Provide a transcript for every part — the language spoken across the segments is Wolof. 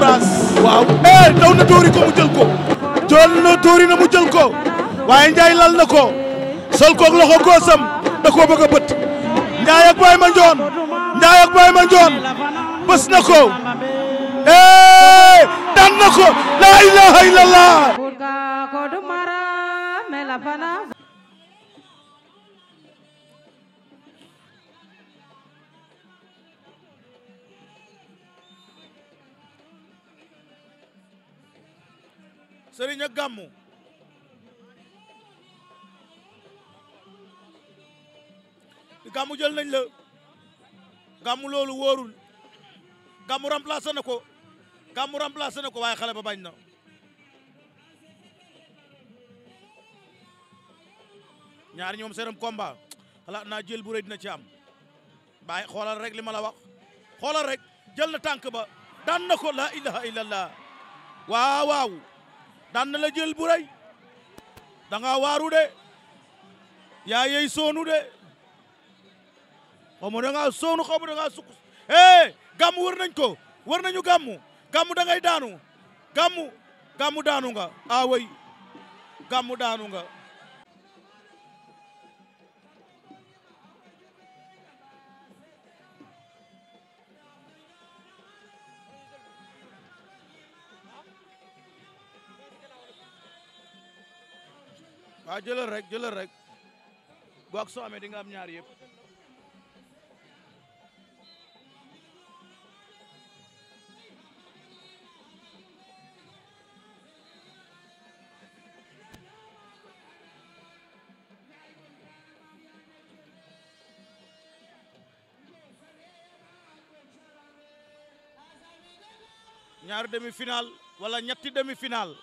waaw eh daw na tuuri ko mu jël ko. jël na tuuri na mu jël ko. waaye Ndiaye lal na ko. sol koog loxo góosam da koo bëgg a bët. Ndiaye ak Baye Mandione. Ndiaye ak Baye Mandione. bës na ko. eh daan na ko. la ilaha illallah. Serigne ak Gamou Gamou jël nañ la Gamou loolu wóorul Gamou remplacé na ko Gamou laa na ko waaye xale ba bañ na ñaar ñoom seenam komba xalaat naa jël bu dina ci am bàyyi xoolal rek li ma la wax xoolal rek jël na tànk ba daan na ko la ilaha illallah waaw waaw daan na la jël bu danga waaru de yaa yey soonu de xaw ma da soonu xaw ma sukk eh gàmmu wër nañ ko wër nañu gàmmu gàmmu da ngay daanu gàmmu gàmmu daanu nga ah way daanu nga waaw jëlal rek jëlal rek boo ak soo amee di nga am ñaar yëpp ñaar demi-finale wala ñetti demi-finale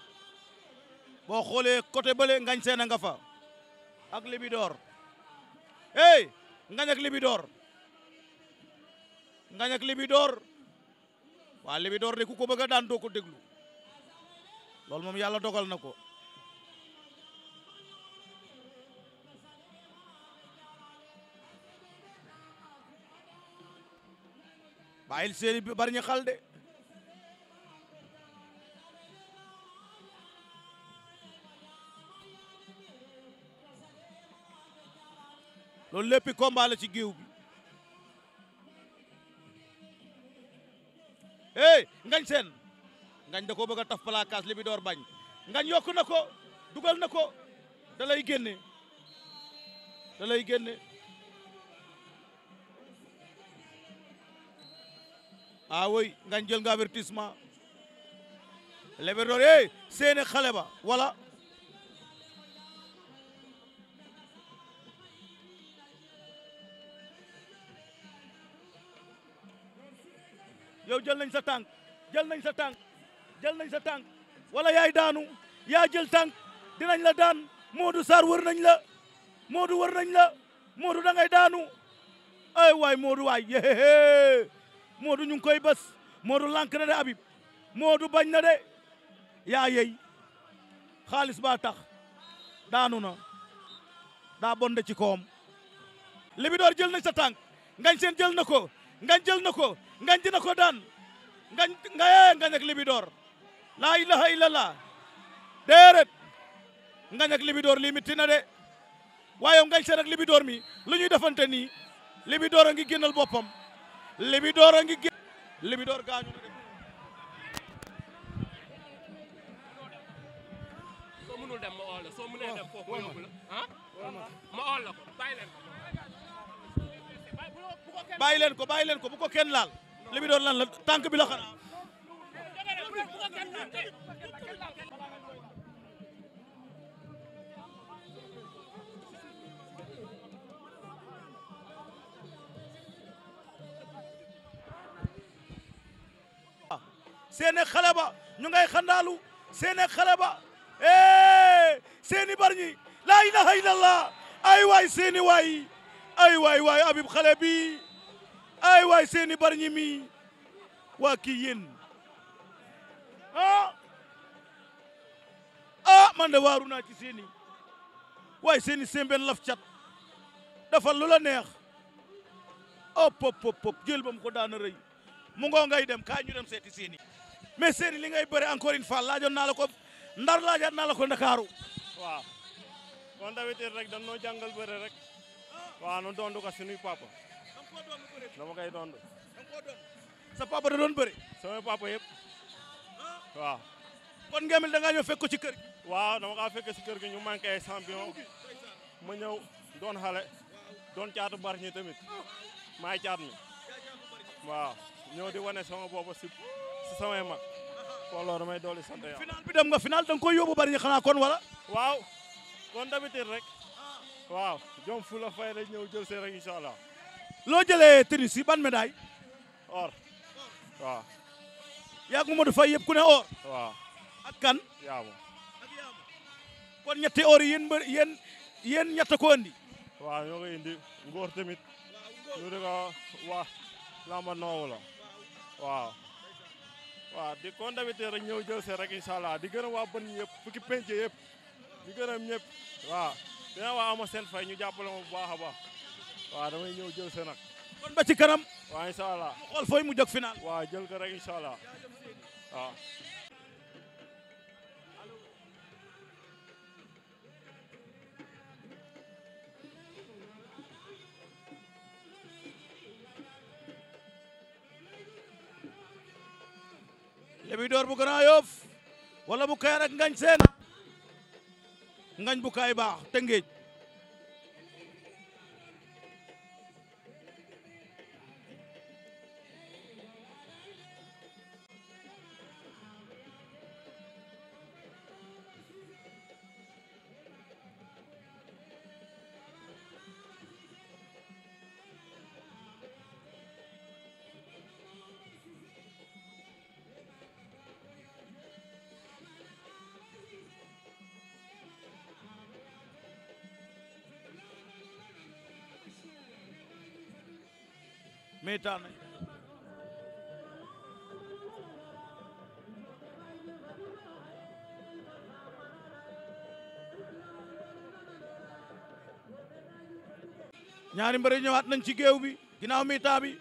boo xoolee côté bële ngañ seen a nga fa ak libidoor hey ngañ ak libidoor ngañ ak door waa libidoor de ku ko bëgg a daan doo ko déglu loolu moom yàlla dogal na ko bàyyil séeri bari ñu xal de loolu léppi combat ci géew bi hey ngañ seen ngañ da koo bëgg a taf placage li bi door bañ ngañ yokk na ko dugal na ko da lay génne da lay génne ah oui ngañ jël nga avertissement lebi door hey seeni xale ba wala jël nañ sa tànk jël nañ sa tànk jël nañ sa tànk wala yaay daanu yaa jël tànk dinañ la daan Modou Sarr wër nañ la Modou wër nañ la Modou da ngay daanu ay waay Modou waay yéhéhé Modou ñu ngi koy bés Modou lànk na de Habib Modou bañ na de yaa yey xaalis baa tax daanu na daa bonde ci koom Libidor jël nañ sa tànk ngañ seen jël na ko ngañ jël na ko ngañ dina ko daan nga nga yee ngañ ak libidoor laa ilaha illallah déeret ngañ ak libidoor lii mitti na de waaye ngañ seen ak libidoor mi lu ñuy defante nii libidoor a ngi génnal boppam libidoor a ngi génn libidoor gaañu na mënul dem ma oo ko bàyyi leen ko bàyyi leen ko bàyyi kenn laal li bi lan la tànk bi la xanaa. seene xale ba ñu xandaalu seene xale ba eh, seeni bar ñi laa ilaha illallah ay waay seeni waay ay waay waay Habib xale ay waay seeni bar ñimi waa kii yéen a ah! a ah, man de waaru naa ci seeni waaye seeni sembeen laf cat dafa lu la neex op op op jël ba mu ko daana rëy mu ngoo ngay dem kaa ñu dem seeti seeni mais seeni li ngay bëre encore une fois laajoon naa la ko ndar laajaat naa la ko ndakaaru waaw kon tamit rek dañ noo jàngal bëre rek waaw nu doon du ko suñuy papa dama koy doon. sa papa da doon bëri. sama papa yëpp ah. waaw. kon Nguémé da ngaa fekk ko ci kër gi. waaw dama kaa fekk ci kër gi ñu manqué ay champion ma ñëw doon xale doon caatu bari ñi tamit maay caat mi waaw ñëw di wane sama boobu si samay mag kon loolu dooli sant yàlla. bi dem nga final da nga koy yóbbu bari ñi xanaa kon wala. waaw kon d'habitude rek waaw jom fu la fay la ñëw jël see rek incha loo jëlee tennis yi ban médaille. or waaw. yaag Mamadou Faye yëpp ku ne or. waaw ak kan. yaamu kon ñetti or yi yéen mbë ñett ko indi. waaw ñoo koy indi ngóor tamit. ñu ne ko waa lamba noowu la waaw. di kon tamit rek ñëw jël see rek incha di gërëm waa bën yëpp fukki penc yëpp di gërëm ñëpp waaw dina waa ama seen fay ñu jàppale ma bu baax a baax. waa waaw damay ñëw jël sa nag. kon ba ci mu xool fooy mu jóg final. waaw jël ko rek incha allah bu Grand Yoff wala bu Kayar ak Ngagne Sène Ngagne bu kaay baax Tëngéej mais ñaari mbër yi ñëwaat nañ ci géew bi ginnaaw mi taa bi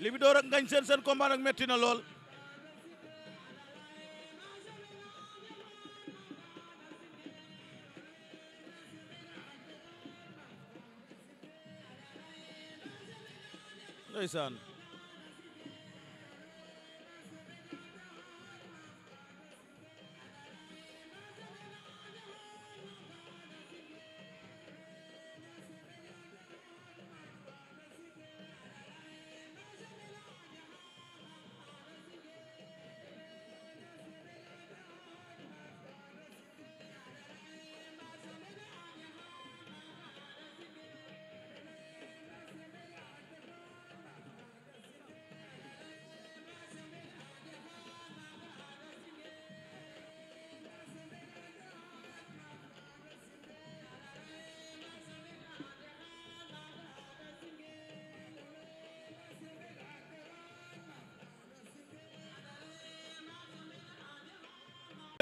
Libidor ak Ngagne Sène seen combat nag metti na lool ndeysaan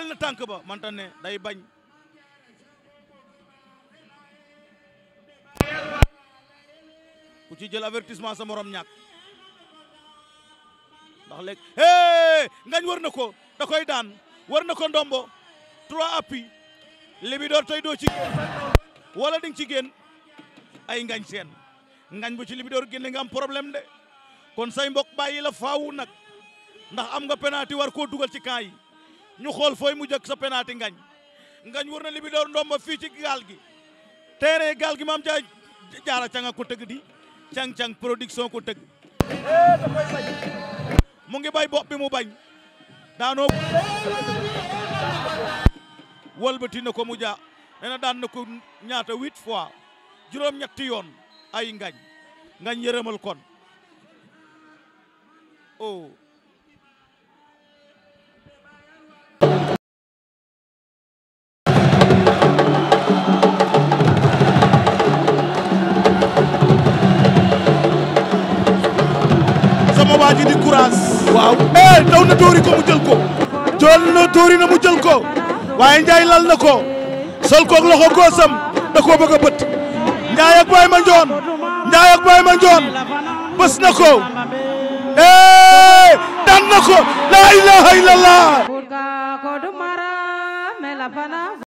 na tànk ba manta ne day bañ ku ci jël avertissement sa morom ñàkk ndax léegi hey ngañ war na ko da koy daan war na ko ndombo trois appuis li bi door tey doo ci wala di nga ci génn ay ngañ seen ngañ bu ci li bi génne nga am problème de kon say mbokk bàyyi la faw nag ndax am nga penalty war koo dugal ci camp yi ñu xool fooy mu jëkk sa penaati ngañ ngañ war na li bi door ndomba fii ci gaal gi terrain gaal gi maam ca jaara canga ko tëgg di cang-cang production ko tëgg mu ngi bay bopp bi mu bañ daanoo wëlbati na ko mu jaa daan na ko ñaata huit fois juróom-ñetti yoon ay ngañ ngañ yërëmal kon oh ji di waaw eh daw na dóori ko mu jël ko. jël na dóori na mu jël ko. waaye Ndiaye lal na ko. sol koog loxo góosam da koo bëgg a bët. Ndiaye ak Baye Mandione. Ndiaye ak Baye Mandione. bës na ko. eh daan na ko. la ilaha illallah.